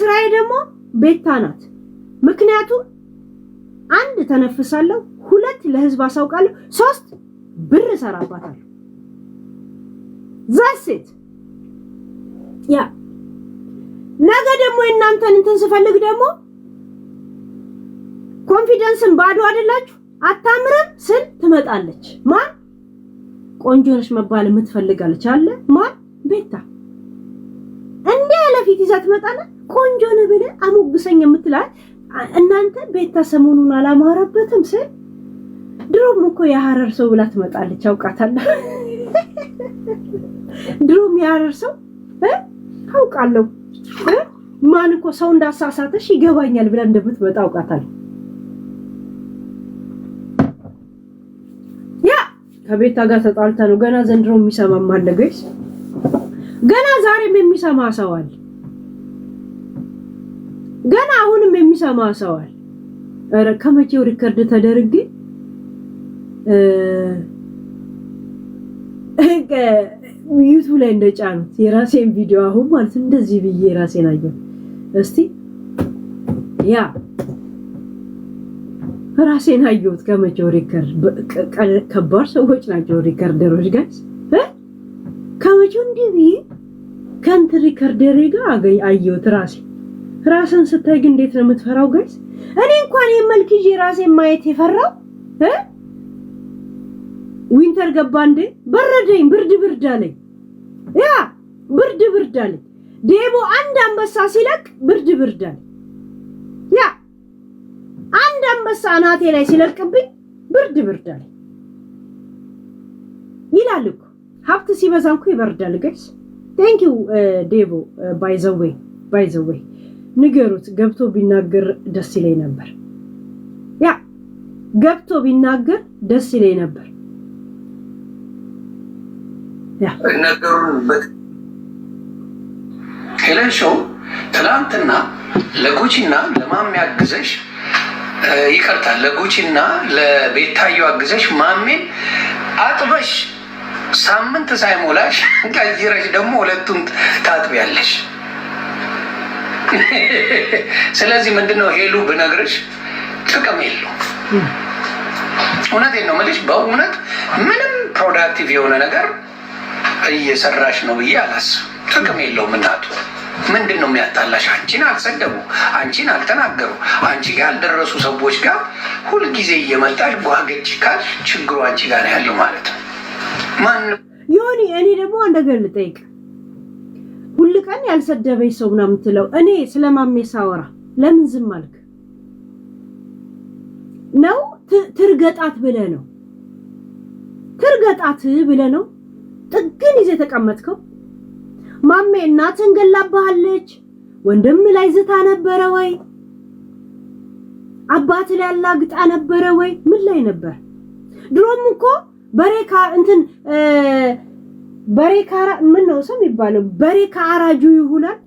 ስራዬ ደግሞ ቤታ ናት። ምክንያቱም አንድ ተነፍሳለሁ፣ ሁለት ለህዝብ አሳውቃለሁ፣ ሶስት ብር እሰራባታለሁ። ዛሴት ያ ነገ ደግሞ የእናንተን እንትን ስፈልግ ደግሞ ኮንፊደንስን ባዶ አይደላችሁ አታምርም ስል ትመጣለች። ማን ቆንጆ ነሽ መባል የምትፈልጋለች አለ ማን ቤታ እንዲህ ለፊት ይዛ ትመጣለች። ቆንጆ ነው ብለህ አሞግሰኝ የምትላል እናንተ ቤታ ሰሞኑን አላማረበትም ስል ድሮም እኮ የሀረር ሰው ብላ ትመጣለች። አውቃታለሁ። ድሮም የሀረር ሰው አውቃለሁ። ማን እኮ ሰው እንዳሳሳተሽ ይገባኛል ብላ እንደምትመጣ አውቃታለሁ። ያ ከቤታ ጋር ተጣልታ ነው። ገና ዘንድሮ የሚሰማም አለ፣ ገና ዛሬም የሚሰማ ሰው አለ። ገና አሁንም የሚሰማ ሰዋል። ኧረ ከመቼው ሪከርድ ተደርግ ዩቱብ ላይ እንደጫኑት የራሴን ቪዲዮ አሁን ማለት እንደዚህ ብዬ ራሴን አየሁ። እስቲ ያ ራሴን አየሁት። ከመቼው ሪከርድ ከባድ ሰዎች ናቸው ሪከርደሮች ጋይስ። ከመቼው እንዲህ ብዬ ከእንትን ሪከርደሬ ጋር አየሁት ራሴ ራስን ስታይ ግን እንዴት ነው የምትፈራው? ጋይስ እኔ እንኳን የመልክ ይዤ ራሴን ማየት የፈራው እ ዊንተር ገባ እንዴ በረደኝ፣ ብርድ ብርድ አለኝ። ያ ብርድ ብርድ አለኝ። ዴቦ አንድ አንበሳ ሲለቅ ብርድ ብርድ አለኝ። ያ አንድ አንበሳ አናቴ ላይ ሲለቅብኝ ብርድ ብርድ አለኝ ይላል እኮ። ሀብት ሲበዛ እኮ ይበርዳል ጋይስ። ቴንኪው ዴቦ ባይ ዘ ዌይ ባይ ዘ ዌይ ንገሩት፣ ገብቶ ቢናገር ደስ ይለኝ ነበር። ያ ገብቶ ቢናገር ደስ ይለኝ ነበር። ነገሩንበት ቴለንሾው ትናንትና ለጉቺና ለማሜ አግዘሽ ይቀርታል ለጉቺና ለቤታዩ አግዘሽ ማሜን አጥበሽ ሳምንት ሳይሞላሽ ቀይረሽ ደግሞ ሁለቱም ታጥቢያለሽ። ስለዚህ ምንድነው ሄሉ ብነግርሽ ጥቅም የለው። እውነቴን ነው የምልሽ። በእውነት ምንም ፕሮዳክቲቭ የሆነ ነገር እየሰራሽ ነው ብዬ አላስብም። ጥቅም የለውም። እናቱ ምንድን ነው የሚያጣላሽ? አንቺን አልሰደቡ፣ አንቺን አልተናገሩ፣ አንቺ ጋር ያልደረሱ ሰዎች ጋር ሁልጊዜ እየመጣሽ ጓገጭ ካል ችግሩ አንቺ ጋር ያለው ማለት ነው። ማን ይሁን። እኔ ደግሞ አንድ ነገር ልጠይቅ ሁል ቀን ያልሰደበኝ ሰው ነው የምትለው። እኔ ስለማሜ ሳወራ ለምን ዝም አልክ? ነው ትርገጣት ብለ ነው ትርገጣት ብለ ነው ጥግን ይዘ የተቀመጥከው። ማሜ እናትን ገላባሃለች፣ ወንድም ላይ ዝታ ነበረ ወይ አባት ላይ አላግጣ ነበረ ወይ ምን ላይ ነበር? ድሮም እኮ በሬካ እንትን በሬ ካራ ምን ነው ሰው የሚባለው? በሬ ከአራጁ ይሁናል።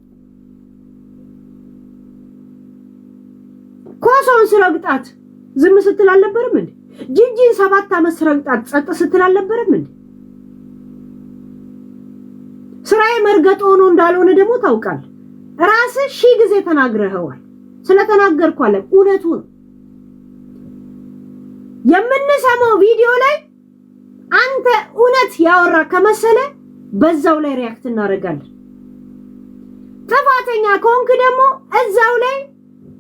ኮሶን ስረግጣት ዝም ስትል አልነበርም እንዴ? ጂጂን ሰባት አመት ስረግጣት ጸጥ ስትል አልነበርም እንዴ? ስራዬ መርገጥ ሆኖ እንዳልሆነ ደግሞ ታውቃል። ራስ ሺህ ጊዜ ተናግረኸዋል። ስለተናገርኩ እውነቱ እውነቱን የምንሰማው ቪዲዮ ላይ አንተ እውነት ያወራ ከመሰለ በዛው ላይ ሪያክት እናደርጋለን። ጥፋተኛ ከሆንክ ደግሞ እዛው ላይ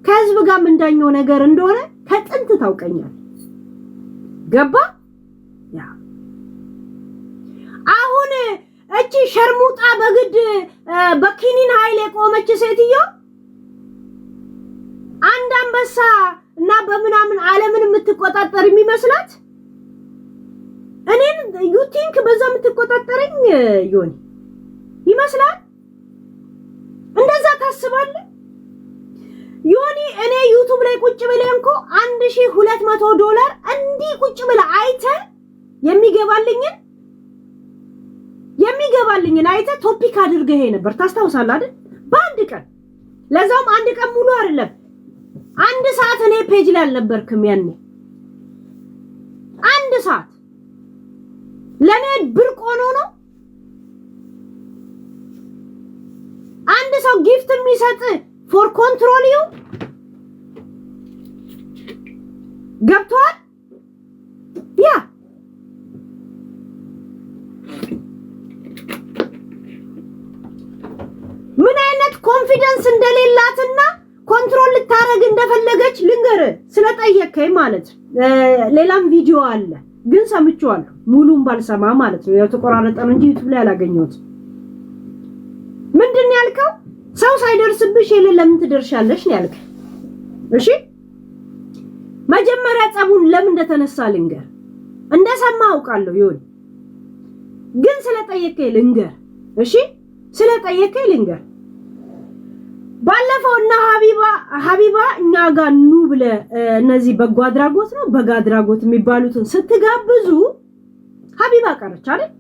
ከህዝብ ጋር የምንዳኘው ነገር እንደሆነ ከጥንት ታውቀኛል። ገባ? አሁን እቺ ሸርሙጣ በግድ በኪኒን ኃይል የቆመች ሴትዮ አንድ አንበሳ እና በምናምን ዓለምን የምትቆጣጠር የሚመስላት እኔን ዩ ቲንክ በዛ የምትቆጣጠረኝ ዮኒ ይመስላል? እንደዛ ታስባለ ዮኒ እኔ ዩቱብ ላይ ቁጭ ብለህ እንኮ አንድ ሺህ ሁለት መቶ ዶላር እንዲህ ቁጭ ብለህ አይተ የሚገባልኝን የሚገባልኝን አይተ ቶፒክ አድርገ ይሄ ነበር። ታስታውሳለህ አይደል? በአንድ ቀን ለዛውም አንድ ቀን ሙሉ አይደለም አንድ ሰዓት እኔ ፔጅ ላይ አልነበርክም ያኔ አንድ ሰዓት ለመሄድ ብርቅ ሆኖ ነው። አንድ ሰው ጊፍት የሚሰጥ ፎር ኮንትሮል ዩ ገብቷል። ያ ምን አይነት ኮንፊደንስ እንደሌላትና ኮንትሮል ልታረግ እንደፈለገች ልንገር ስለጠየከኝ ማለት ሌላም ቪዲዮ አለ። ግን ሰምቼዋለሁ። ሙሉን ባልሰማ ማለት ነው። ያው ተቆራረጠ ነው እንጂ ዩቲዩብ ላይ አላገኘሁት። ምንድን ነው ያልከው? ሰው ሳይደርስብሽ የለ ለምን ትደርሻለሽ ነው ያልከ። እሺ መጀመሪያ ጸቡን ለምን እንደተነሳ ልንገር። እንደሰማ አውቃለሁ። ይሁን ግን ስለጠየከኝ ልንገር። እሺ ስለጠየከኝ ልንገር ባለፈው እና ሀቢባ ሀቢባ እኛ ጋር ኑ ብለ እነዚህ በጎ አድራጎት ነው በጎ አድራጎት የሚባሉትን ስትጋብዙ ሀቢባ ቀረች አይደል?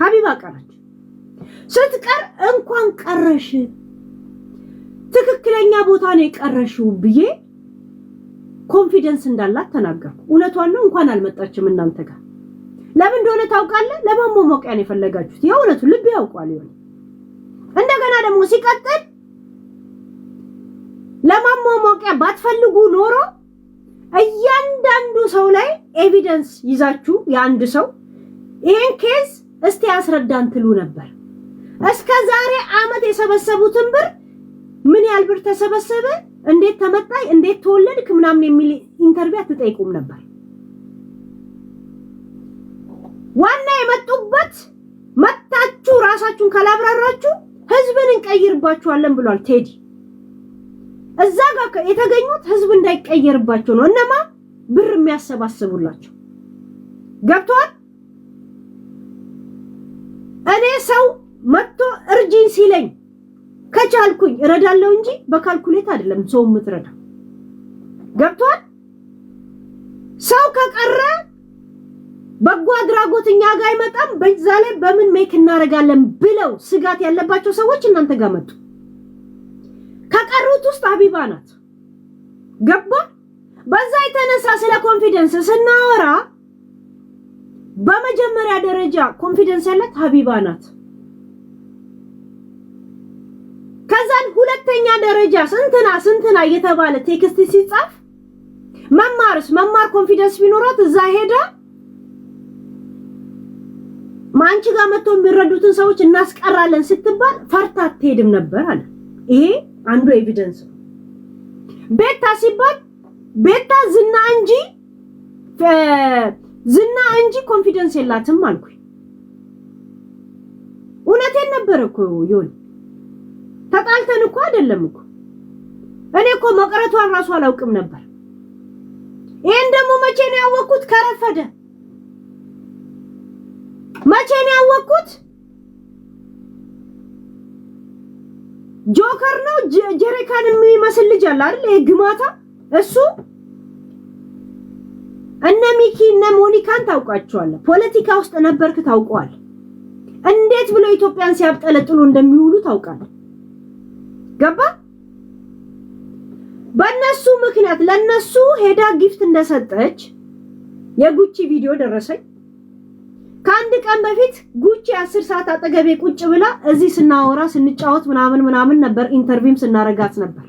ሀቢባ ቀረች። ስትቀር እንኳን ቀረሽ ትክክለኛ ቦታ ነው የቀረሽው ብዬ ኮንፊደንስ እንዳላት ተናገርኩ። እውነቷን ነው። እንኳን አልመጣችም እናንተ ጋር ለምን እንደሆነ ታውቃለህ። ለማሞሞቂያ ነው የፈለጋችሁት። የእውነቱ ልብ ያውቋል ይሆን። እንደገና ደግሞ ሲቀጥል ለማሟሟቂያ ባትፈልጉ ኖሮ እያንዳንዱ ሰው ላይ ኤቪደንስ ይዛችሁ የአንድ ሰው ይህን ኬዝ እስቲ አስረዳን ትሉ ነበር። እስከ ዛሬ አመት የሰበሰቡትን ብር ምን ያህል ብር ተሰበሰበ፣ እንዴት ተመጣይ፣ እንዴት ተወለድክ ምናምን የሚል ኢንተርቪው አትጠይቁም ነበር። ዋና የመጡበት መታችሁ ራሳችሁን ካላብራራችሁ ህዝብን እንቀይርባችኋለን ብሏል ቴዲ እዛ ጋር የተገኙት ህዝብ እንዳይቀየርባቸው ነው። እነማ ብር የሚያሰባስቡላቸው ገብቷል። እኔ ሰው መጥቶ እርጅኝ ሲለኝ ከቻልኩኝ እረዳለሁ እንጂ በካልኩሌት አይደለም ሰው የምትረዳው። ገብቷል። ሰው ከቀረ በጎ አድራጎት እኛ ጋር አይመጣም። በዛ ላይ በምን ሜክ እናደርጋለን ብለው ስጋት ያለባቸው ሰዎች እናንተ ጋር መጡ። ከቀሩት ውስጥ ሀቢባ ናት። ገባ። በዛ የተነሳ ስለ ኮንፊደንስ ስናወራ በመጀመሪያ ደረጃ ኮንፊደንስ ያላት ሀቢባ ናት። ከዛን ሁለተኛ ደረጃ ስንትና ስንትና እየተባለ ቴክስት ሲጻፍ መማርስ መማር ኮንፊደንስ ቢኖራት እዛ ሄዳ ማንቺ ጋር መጥቶ የሚረዱትን ሰዎች እናስቀራለን ስትባል ፈርታ አትሄድም ነበር አለ ይሄ አንዱ ኤቪደንስ ነው። ቤታ ሲባል ቤታ ዝና እንጂ ዝና እንጂ ኮንፊደንስ የላትም አልኩ እውነቴን ነበረ እኮ ይሁን ተጣልተን እኮ አይደለም እኮ እኔ እኮ መቅረቷን ራሱ አላውቅም ነበር። ይሄን ደግሞ መቼ ነው ያወቅኩት? ከረፈደ መቼ ነው ያወቅኩት? ጆከር ነው። ጀሪካን የሚመስል ልጅ አለ አይደል? ይሄ ግማታ እሱ እነ ሚኪ እነ ሞኒካን ታውቃቸዋለህ። ፖለቲካ ውስጥ ነበርክ፣ ታውቀዋል። እንዴት ብሎ ኢትዮጵያን ሲያብጠለጥሉ እንደሚውሉ ታውቃለህ። ገባ በእነሱ ምክንያት ለነሱ ሄዳ ጊፍት እንደሰጠች የጉቺ ቪዲዮ ደረሰኝ። ከአንድ ቀን በፊት ጉቺ አስር ሰዓት አጠገቤ ቁጭ ብላ እዚህ ስናወራ ስንጫወት ምናምን ምናምን ነበር፣ ኢንተርቪውም ስናረጋት ነበር።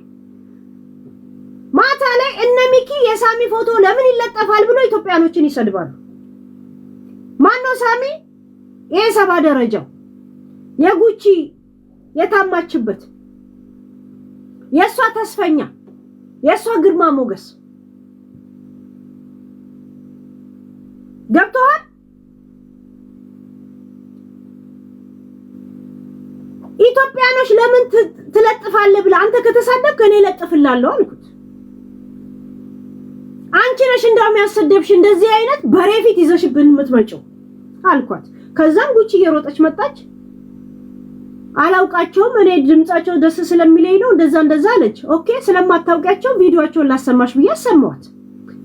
ማታ ላይ እነ ሚኪ የሳሚ ፎቶ ለምን ይለጠፋል ብሎ ኢትዮጵያኖችን ይሰድባሉ። ማነው ሳሚ? ይሄ ሰባ ደረጃው የጉቺ የታማችበት የእሷ ተስፈኛ የእሷ ግርማ ሞገስ ገብተዋል? ኢትዮጵያኖች ለምን ትለጥፋለህ ብለህ አንተ ከተሳደብክ እኔ እለጥፍላለሁ አልኩት። አንቺ ነሽ እንዳውም ያሰደብሽ እንደዚህ አይነት በሬ ፊት ይዘሽብን የምትመጪው አልኳት። ከዛም ጉቺ እየሮጠች መጣች። አላውቃቸውም እኔ ድምጻቸው ደስ ስለሚለኝ ነው እንደዛ እንደዛ አለች። ኦኬ ስለማታውቂያቸው ቪዲዮቸውን ላሰማሽ ብዬ አሰማዋት።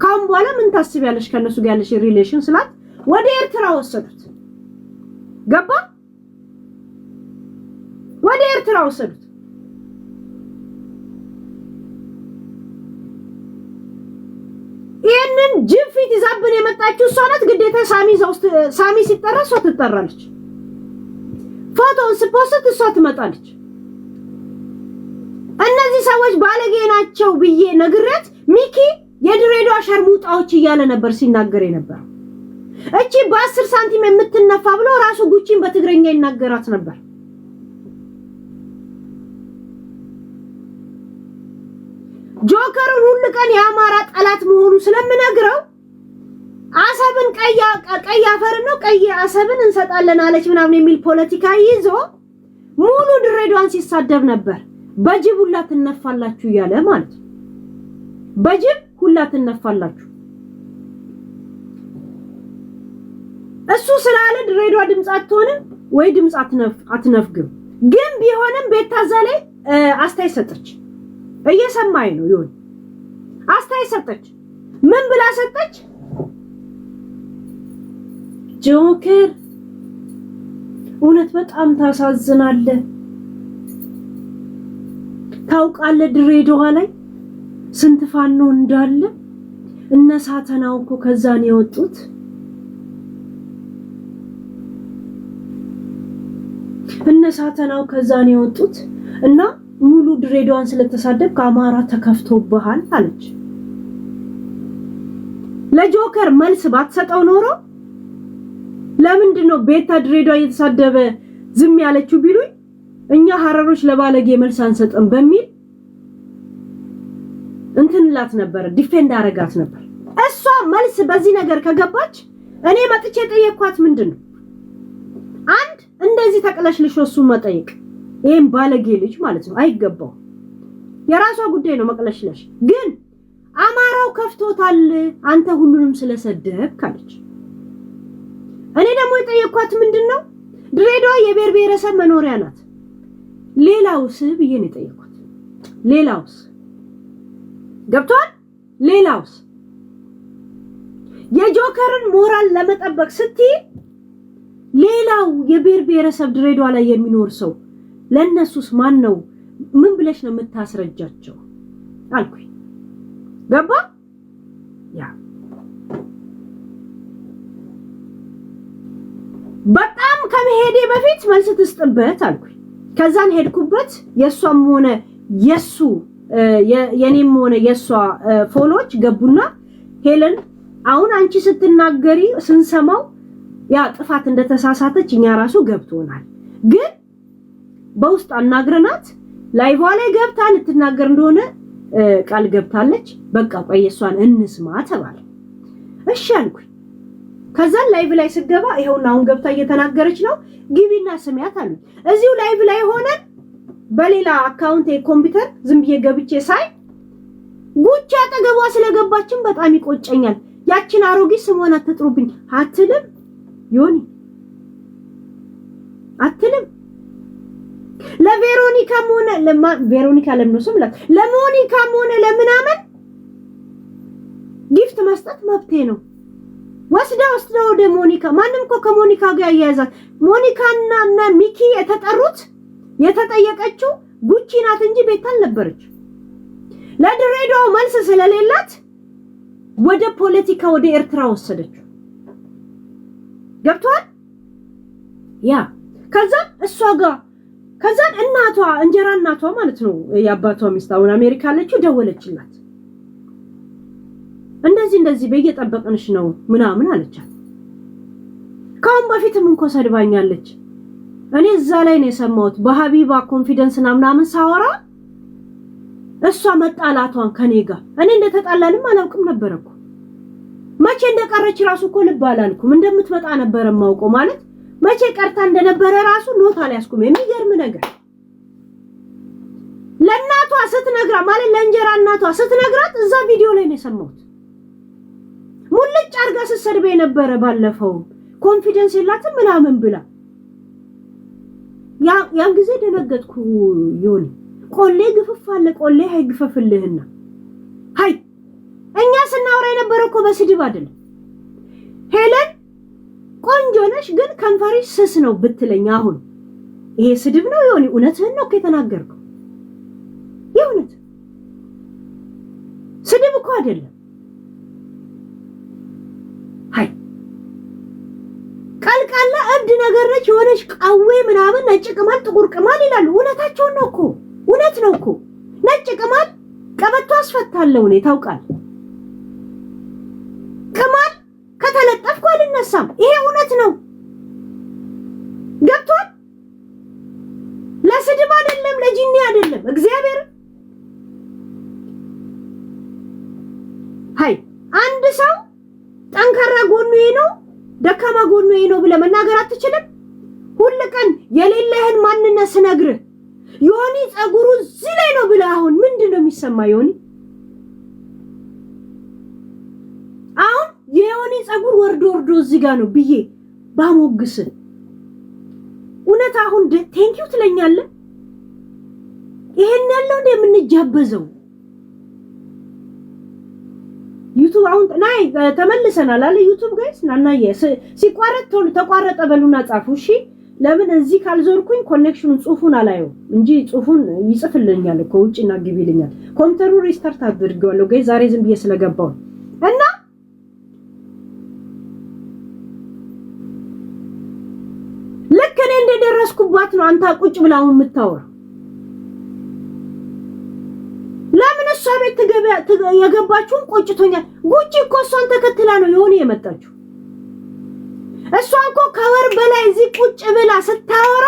ካሁን በኋላ ምን ታስቢያለሽ ከእነሱ ጋር ያለሽ ሪሌሽን ስላት ወደ ኤርትራ ወሰዱት ገባ ስራ ወሰዱት። ይህንን ጅብ ፊት ይዛብን የመጣችው እሷ ናት። ግዴታ ሳሚ ሲጠራ እሷ ትጠራለች። ፎቶውን ስፖስት እሷ ትመጣለች። እነዚህ ሰዎች ባለጌ ናቸው ብዬ ነግሬት ሚኪ የድሬዳዋ ሸርሙጣዎች እያለ ነበር ሲናገር የነበረው። እቺ በአስር ሳንቲም የምትነፋ ብሎ ራሱ ጉቺን በትግረኛ ይናገራት ነበር። ጆከርን ሁሉ ቀን የአማራ ጠላት መሆኑ ስለምነግረው አሰብን ቀይ አፈር ነው ቀይ አሰብን እንሰጣለን አለች ምናምን የሚል ፖለቲካ ይዞ ሙሉ ድሬዳዋን ሲሳደብ ነበር። በጅብ ሁላ ትነፋላችሁ እያለ ማለት ነው። በጅብ ሁላ ትነፋላችሁ። እሱ ስላለ ድሬዳዋ ድምፅ አትሆንም ወይ ድምፅ አትነፍግም። ግን ቢሆንም ቤት ታዛ ላይ አስተያየት ሰጠች። እየሰማኝ ነው። ይሁን አስተያየት ሰጠች። ምን ብላ ሰጠች? ጆከር እውነት በጣም ታሳዝናለ። ታውቃለ፣ ድሬዳዋ ላይ ስንት ፋኖ እንዳለ እነ ሳተናው እኮ ከዛን የወጡት እነ ሳተናው ከዛን የወጡት እና ሙሉ ድሬዳዋን ስለተሳደብ ከአማራ ተከፍቶብሃል አለች። ለጆከር መልስ ባትሰጠው ኖሮ ለምንድን ነው ቤታ ድሬዳዋ እየተሳደበ ዝም ያለችው ቢሉኝ እኛ ሀረሮች ለባለጌ መልስ አንሰጥም በሚል እንትንላት ነበር፣ ዲፌንድ አረጋት ነበር። እሷ መልስ በዚህ ነገር ከገባች እኔ መጥቼ ጠየኳት። ምንድን ነው አንድ እንደዚህ ተቅለሽልሾ እሱን መጠየቅ ይህም ባለጌ ልጅ ማለት ነው። አይገባው። የራሷ ጉዳይ ነው መቅለሽለሽ። ግን አማራው ከፍቶታል፣ አንተ ሁሉንም ስለሰደብ ካለች። እኔ ደግሞ የጠየኳት ምንድን ነው ድሬዳዋ የብሔር ብሔረሰብ መኖሪያ ናት። ሌላውስ ብዬ ነው የጠየኳት። ሌላውስ ገብቷል። ሌላውስ የጆከርን ሞራል ለመጠበቅ ስትይ ሌላው የብሔር ብሔረሰብ ድሬዳዋ ላይ የሚኖር ሰው ለእነሱስ ማን ነው? ምን ብለሽ ነው የምታስረጃቸው? አልኩኝ። ገባ ያ በጣም ከመሄዴ በፊት መልስ ትስጥበት አልኩኝ። ከዛን ሄድኩበት። የእሷም ሆነ የሱ የኔም ሆነ የእሷ ፎሎዎች ገቡና ሄለን አሁን አንቺ ስትናገሪ ስንሰማው ያ ጥፋት እንደተሳሳተች እኛ ራሱ ገብቶናል ግን በውስጥ አናግረናት ላይቫ ላይ ገብታ ልትናገር እንደሆነ ቃል ገብታለች። በቃ ቆይ እሷን እንስማ ተባለ። እሺ አልኩኝ። ከዛን ላይቭ ላይ ስገባ ይኸውና አሁን ገብታ እየተናገረች ነው፣ ግቢና ስሚያት አሉ። እዚሁ ላይቭ ላይ ሆነን በሌላ አካውንት የኮምፒውተር ዝም ብዬ ገብቼ ሳይ ጉቺ አጠገቧ ስለገባችን በጣም ይቆጨኛል። ያችን አሮጊት ስሟን አትጥሩብኝ አትልም፣ ዮኒ አትልም ለቬሮኒካም ሆነ ቬሮኒካ ለምን ስም ለሞኒካም ሆነ ለምናምን ጊፍት መስጠት መብቴ ነው። ወስዳ ወስዳ ወደ ሞኒካ ማንም እኮ ከሞኒካ ጋር ያያያዛል። ሞኒካና እና ሚኪ የተጠሩት የተጠየቀችው ጉቺ ናት እንጂ ቤት አልነበረች። ለድሬዳዋ መልስ ስለሌላት ወደ ፖለቲካ ወደ ኤርትራ ወሰደችው። ገብቷል ያ ከዛ እሷ ጋር ከዛ እናቷ እንጀራ እናቷ ማለት ነው የአባቷ ሚስት አሁን አሜሪካ አለችው። ደወለችላት እንደዚህ እንደዚህ በየጠበቅንሽ ነው ምናምን አለቻት። ከአሁን በፊትም እንኮ ሰድባኛለች። እኔ እዛ ላይ ነው የሰማሁት በሀቢባ ኮንፊደንስና ምናምን ሳወራ እሷ መጣላቷን ከኔ ጋር እኔ እንደተጣላንም አላውቅም ነበር እኮ መቼ እንደቀረች ራሱ እኮ ልብ አላልኩም። እንደምትመጣ ነበር የማውቀው ማለት መቼ ቀርታ እንደነበረ ራሱ ኖት አልያዝኩም። የሚገርም ነገር ለእናቷ ስትነግራ ማለት ለእንጀራ እናቷ ስትነግራት እዛ ቪዲዮ ላይ ነው የሰማሁት። ሙልጭ አድርጋ ስትሰድበ የነበረ ባለፈው ኮንፊደንስ የላትም ምናምን ብላ ያን ጊዜ ደነገጥኩ። ዮኒ ቆሌ ግፍፍ አለ ቆሌ ግፈፍልህና ሀይ እኛ ስናወራ የነበረ እኮ በስድብ አይደለም ሄለን ቆንጆ ነሽ ግን ከንፈሪሽ ስስ ነው ብትለኝ አሁን ይሄ ስድብ ነው የሆነ እውነትህን ነው እኮ የተናገርከው። የእውነት ስድብ እኮ አይደለም። ሀይ ቀልቃላ እብድ ነገር ነች የሆነች ቀዌ ምናምን ነጭ ቅማል ጥቁር ቅማል ይላሉ። እውነታቸውን ነው እኮ እውነት ነው እኮ ነጭ ቅማል ቀበቶ አስፈታለሁ እኔ ታውቃል ይሄ ነው ብለህ መናገር አትችልም። ሁል ቀን የሌለህን ማንነት ስነግርህ ዮኒ ጸጉሩ እዚህ ላይ ነው ብለህ አሁን ምንድን ነው የሚሰማ ዮኒ? አሁን የዮኒ ጸጉር ወርዶ ወርዶ እዚህ ጋር ነው ብዬ ባሞግስ እውነት አሁን ቴንኪዩ ትለኛለህ? ይሄን ያለው እንደ የምንጃበዘው ዩቱብ አሁን ናይ ተመልሰናል አለ ዩቱብ ጋይስ ናናየ ሲቋረጥ ተቋረጠ በሉና ጻፉ እሺ። ለምን እዚህ ካልዞርኩኝ ኮኔክሽኑ ጽሁፉን አላየው እንጂ ጽሁፉን ይጽፍልኛል እኮ ውጭና ግቢ ይልኛል። ኮምፒውተሩ ሪስታርት አድርጌዋለሁ ጋይስ ዛሬ ዝም ብዬ ስለገባው እና ልክ እኔ እንደደረስኩባት ነው አንታ ቁጭ ብላ አሁን የምታወራ ቤት የገባችሁ ቆጭቶኛል። ጉቺ እኮ እሷን ተከትላ ነው የሆነ የመጣችሁ። እሷ እኮ ከወር በላይ እዚህ ቁጭ ብላ ስታወራ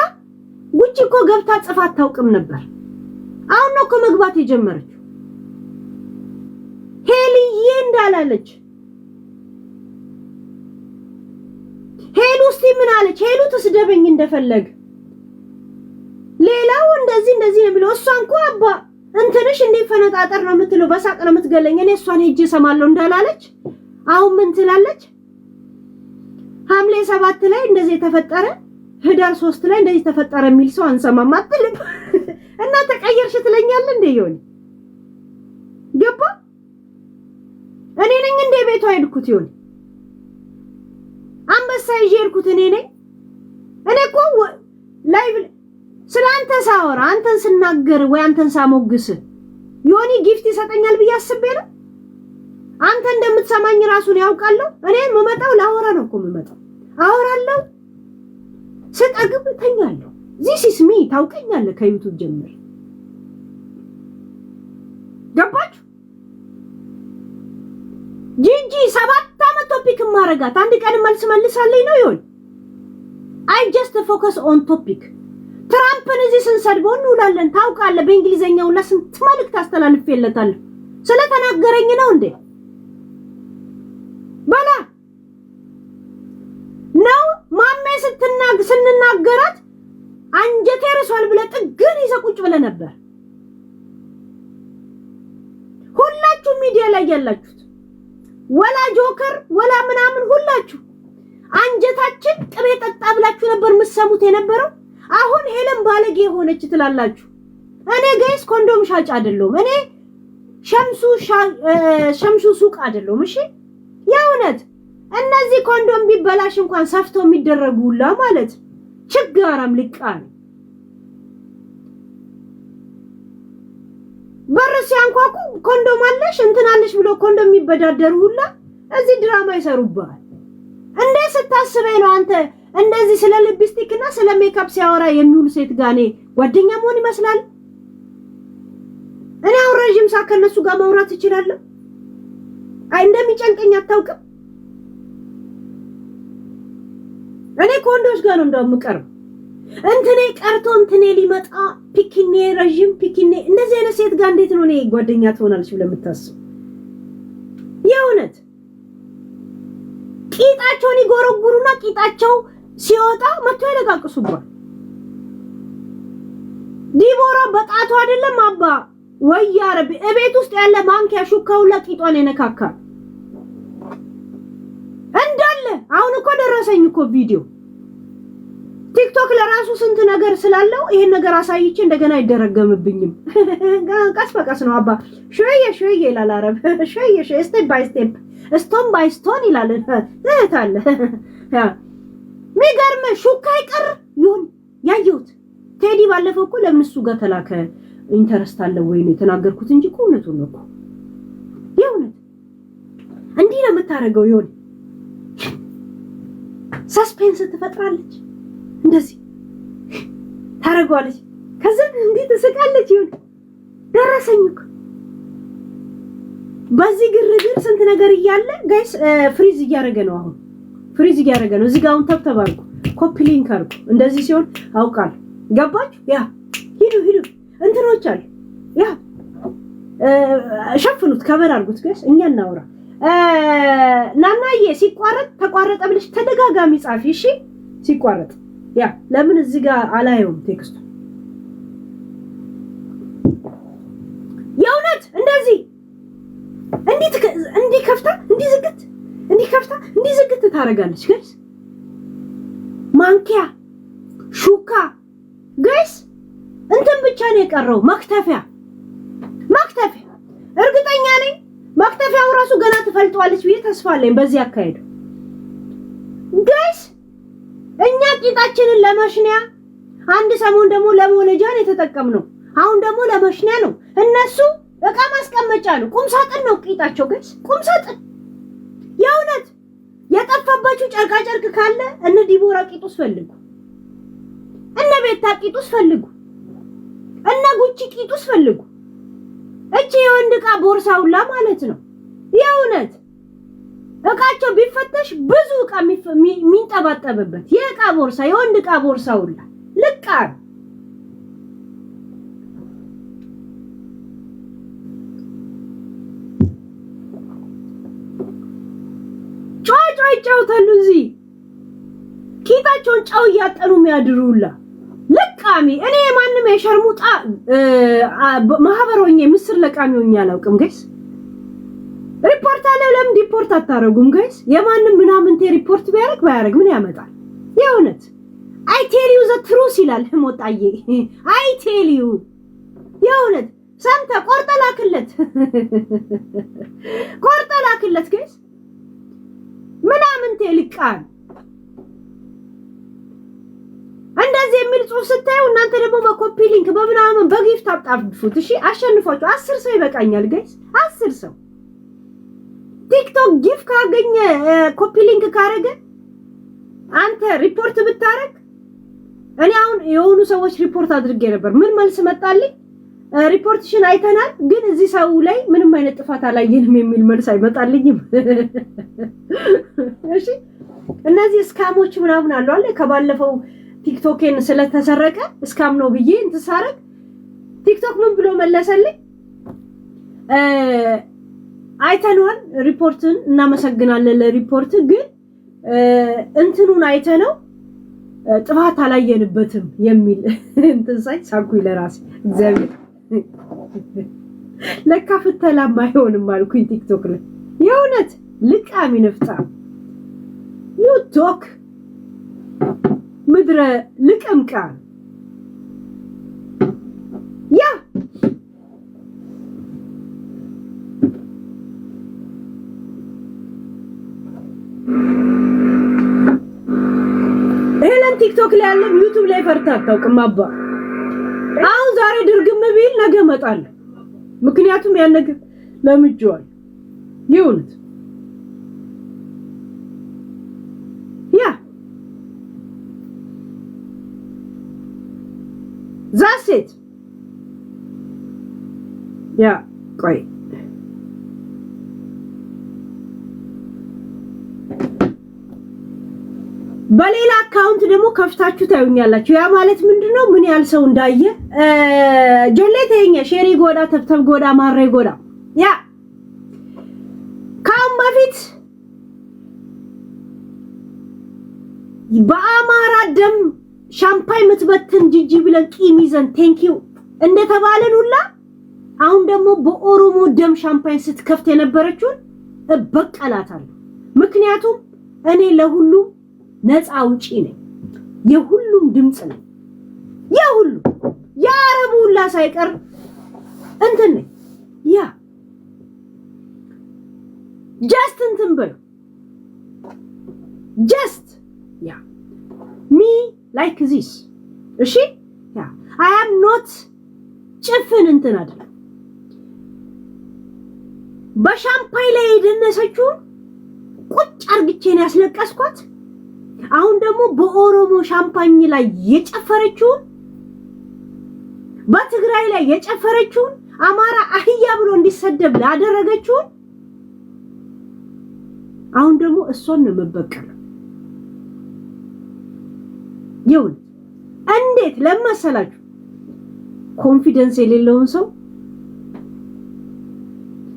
ጉቺ እኮ ገብታ ጽፋ አታውቅም ነበር። አሁን ነው እኮ መግባት የጀመረችው። ሄልዬ እንዳላለች ሄሉ እስቲ ምን አለች? ሄሉ ትስደበኝ እንደፈለግ ሌላው እንደዚህ እንደዚህ ነው ብሎ እሷ እንኳ አባ እንትንሽ እንዴ ፈነጣጠር ነው የምትለው፣ በሳቅ ነው የምትገለኝ። እኔ እሷን ሄጄ እሰማለሁ እንዳላለች አሁን ምን ትላለች? ሐምሌ ሰባት ላይ እንደዚህ የተፈጠረ ህዳር ሶስት ላይ እንደዚህ ተፈጠረ የሚል ሰው አንሰማም አትልም። እና ተቀየርሽ ትለኛለ እንዴ ይሆን ገባ። እኔ ነኝ እንዴ ቤቷ ሄድኩት ይሆን አንበሳ ይዤ ሄድኩት እኔ ነኝ። እኔ እኮ ላይ ስለ አንተ ሳወራ አንተን ስናገር ወይ አንተን ሳሞግስ ዮኒ ጊፍት ይሰጠኛል ብዬ አስቤ ነው። አንተ እንደምትሰማኝ ራሱን ያውቃለሁ። እኔ የምመጣው ለአወራ ነው እኮ የምመጣው። አወራለሁ፣ ስጠግብ እተኛለሁ። ዚስ ኢስ ሚ ታውቀኛለህ። ከዩቱብ ጀምር ገባችሁ? ጂጂ ሰባት አመት ቶፒክ ማረጋት አንድ ቀን መልስ መልሳለኝ ነው ይሆን? አይ ጀስት ፎከስ ኦን ቶፒክ ትራምፕን እዚህ ስንሰድበው እንውላለን። ታውቃለህ፣ በእንግሊዘኛው ላይ ስንት መልዕክት አስተላልፌለታለሁ። ስለተናገረኝ ነው እንዴ? በላ ነው ማሜ ስትናግ ስንናገራት አንጀቴ ርሷል ብለህ ጥግን ይዘህ ቁጭ ብለህ ነበር። ሁላችሁ ሚዲያ ላይ ያላችሁት ወላ ጆከር ወላ ምናምን ሁላችሁ አንጀታችን ቅቤ ጠጣ ብላችሁ ነበር የምትሰሙት የነበረው። አሁን ሄለን ባለጌ የሆነች ትላላችሁ። እኔ ገይስ ኮንዶም ሻጭ አይደለሁም። እኔ ሸምሱ ሱቅ አይደለሁም። እሺ የእውነት እነዚህ ኮንዶም ቢበላሽ እንኳን ሰፍቶ የሚደረጉ ሁላ ማለት ችጋራም ልቃ ነው። በር ሲያንኳኩ ኮንዶም አለሽ እንትን አለሽ ብሎ ኮንዶም የሚበዳደሩ ሁላ እዚህ ድራማ ይሰሩብሃል። እንዴ ስታስበኝ ነው አንተ እንደዚህ ስለ ሊፕስቲክ እና ስለ ሜካፕ ሲያወራ የሚውል ሴት ጋር እኔ ጓደኛ መሆን ይመስላል። እኔ አሁን ረዥም ሰዓት ከነሱ ጋር ማውራት እችላለሁ። አይ እንደሚጨንቀኝ አታውቅም። እኔ ከወንዶች ጋር ነው እንደውም የምቀርብ። እንትኔ ቀርቶ እንትኔ ሊመጣ ፒኪኔ፣ ረዥም ፒኪኔ፣ እንደዚህ አይነት ሴት ጋር እንዴት ነው እኔ ጓደኛ ትሆናለች ብለህ የምታስብ? የእውነት ቂጣቸውን ይጎረጉሩና ቂጣቸው ሲወጣ መቶ ያለቃቅሱባል። ዲቦራ በጣቱ አይደለም አባ ወይ አረብ እቤት ውስጥ ያለ ማንኪያ ሹካ ሁላ ቂጧን የነካካል እንዳለ። አሁን እኮ ደረሰኝ እኮ ቪዲዮ ቲክቶክ ለራሱ ስንት ነገር ስላለው ይሄን ነገር አሳይቼ እንደገና አይደረገምብኝም። ቀስ በቀስ ነው አባ ሾዬ ሾዬ ይላል አረብ ሾዬ ስቴፕ ባይ ስቴፕ ስቶን ባይ ስቶን ይላል እህት አለ ሚገርም ሹካ ይቀር ይሁን ያየሁት ቴዲ ባለፈው እኮ ለምን እሱ ጋር ተላከ ኢንተረስት አለ ወይ ነው የተናገርኩት እንጂ እኮ እውነቱን ነው እኮ የእውነት እንዲህ ነው የምታደርገው ይሁን ሰስፔንስ ትፈጥራለች እንደዚህ ታደርገዋለች ከዛ እንዲህ ትስቃለች ይሁን ደረሰኝ እኮ በዚህ ግርግር ስንት ነገር እያለ ጋይስ ፍሪዝ እያደረገ ነው አሁን ፍሪዝ እያደረገ ነው። እዚህ አሁን ተብተብ አድርጉ፣ ኮፒ ሊንክ አድርጉ። እንደዚህ ሲሆን አውቃል። ገባችሁ? ያ ሂዱ ሂዱ እንትኖች አሉ። ያ ሸፍኑት፣ ከበር አድርጉት። ገስ እኛ እናውራ። ናናዬ ሲቋረጥ ተቋረጠ ብለሽ ተደጋጋሚ ጻፊ። እሺ ሲቋረጥ ያ ለምን እዚህ ጋር አላየውም ቴክስቱ የእውነት እንደዚህ እንዲ እንዲህ ከፍታ እንዲህ ዝግት እንዲህ ከፍታ እንዲህ ዝግት ታደርጋለች። ጋይስ ማንኪያ፣ ሹካ ጋይስ እንትን ብቻ ነው የቀረው መክተፊያ፣ መክተፊያ እርግጠኛ ነኝ መክተፊያው ራሱ ገና ትፈልጠዋለች ብዬ ተስፋ አለኝ። በዚህ አካሄዱ ጋይስ እኛ ቂጣችንን ለመሽኒያ አንድ ሰሞን ደግሞ ነው የተጠቀምነው አሁን ደግሞ ለመሽኒያ ነው። እነሱ እቃ ማስቀመጫ ነው፣ ቁምሳጥን ነው ቂጣቸው ጋይስ ቁምሳጥን የጠፋባችሁ ጨርቃ ጨርቅ ካለ እነ ዲቦራ ቂጡስ ፈልጉ፣ እነ ቤታ ቂጡስ ፈልጉ፣ እነ ጉቺ ቂጡስ ፈልጉ። እቺ የወንድ እቃ ቦርሳ ሁላ ማለት ነው። የእውነት እቃቸው ቢፈተሽ ብዙ እቃ የሚንጠባጠብበት የእቃ ቦርሳ የወንድ እቃ ቦርሳ ሁላ ልቃ ይሞታሉ። እዚህ ቂጣቸውን ጫው እያጠኑ የሚያድሩላ ለቃሚ። እኔ ማንም የሸርሙጣ ማህበር ሆኜ ምስር ለቃሚ ሆኜ አላውቅም ጋይስ። ሪፖርት አለው። ለምን ዲፖርት አታረጉም ጋይስ? የማንም ምናምንቴ ሪፖርት ቢያደርግ ባያደርግ ምን ያመጣል? የእውነት አይ ቴል ዩ ዘ ትሩስ ይላል ህሞጣዬ። አይ ቴል ዩ የእውነት ሰምተህ ቆርጠህ ላክለት፣ ቆርጠህ ላክለት ጋይስ ምናምን ቴልቃን እንደዚህ የሚል ጽሁፍ ስታዩ እናንተ ደግሞ በኮፒ ሊንክ በምናምን በጊፍት አጣፍፉት። እሺ አሸንፏቸው። አስር ሰው ይበቃኛል ጋይስ፣ አስር ሰው ቲክቶክ ጊፍ ካገኘ ኮፒ ሊንክ ካረገ አንተ ሪፖርት ብታረግ እኔ አሁን የሆኑ ሰዎች ሪፖርት አድርጌ ነበር። ምን መልስ መጣልኝ? ሪፖርትሽን አይተናል፣ ግን እዚህ ሰው ላይ ምንም አይነት ጥፋት አላየንም የሚል መልስ አይመጣልኝም። እሺ እነዚህ እስካሞች ምናምን አሉ አለ ከባለፈው ቲክቶኬን ስለተሰረቀ እስካም ነው ብዬ እንትሳረግ ቲክቶክ ምን ብሎ መለሰልኝ? አይተነዋል፣ ሪፖርትን እናመሰግናለን ለሪፖርት ግን እንትኑን አይተነው ጥፋት አላየንበትም የሚል እንትን ሳይ ሳኩ ለራሴ እግዚአብሔር ለካ ፍተላማ አይሆንም አልኩኝ። ቲክቶክ ላይ የእውነት ልቃሚ ነፍጣ ዩቶክ ምድረ ልቅምቃ ያ ኤለን ቲክቶክ ላይ ያለም ዩቱብ ላይ ፈርታ አታውቅም አባ ዛሬ ድርግም ቢል ነገ እመጣለሁ። ምክንያቱም ያን ነገር ለምጄዋል። ይሁንት ያ ዛሴት ያ ቆይ በሌላ አካውንት ደግሞ ከፍታችሁ ታዩኛላችሁ። ያ ማለት ምንድነው? ምን ያህል ሰው እንዳየ ጆሌ ተኛ ሼሪ ጎዳ፣ ተብተብ ጎዳ፣ ማሬ ጎዳ። ያ ካሁን በፊት በአማራ ደም ሻምፓኝ የምትበትን ጅጂ ብለን ቂም ይዘን ቴንኪው እንደተባለን ሁላ አሁን ደግሞ በኦሮሞ ደም ሻምፓኝ ስትከፍት የነበረችውን እበቀላታለሁ። ምክንያቱም እኔ ለሁሉም ነፃ አውጪ ነኝ። የሁሉም ድምፅ ነኝ። የሁሉ የአረቡ ሁላ ሳይቀር እንትን ነኝ። ያ ጀስት እንትን በሉ ጀስት ያ ሚ ላይክ ዚስ እሺ ያ አይ አም ኖት ጭፍን እንትን አይደለም። በሻምፓይ ላይ የደነሰችውን ቁጭ አርግቼን ያስለቀስኳት አሁን ደግሞ በኦሮሞ ሻምፓኝ ላይ የጨፈረችውን በትግራይ ላይ የጨፈረችውን አማራ አህያ ብሎ እንዲሰደብ ላደረገችውን አሁን ደግሞ እሷን ነው መበቀል። ይሁን እንዴት ለመሰላችሁ ኮንፊደንስ የሌለውን ሰው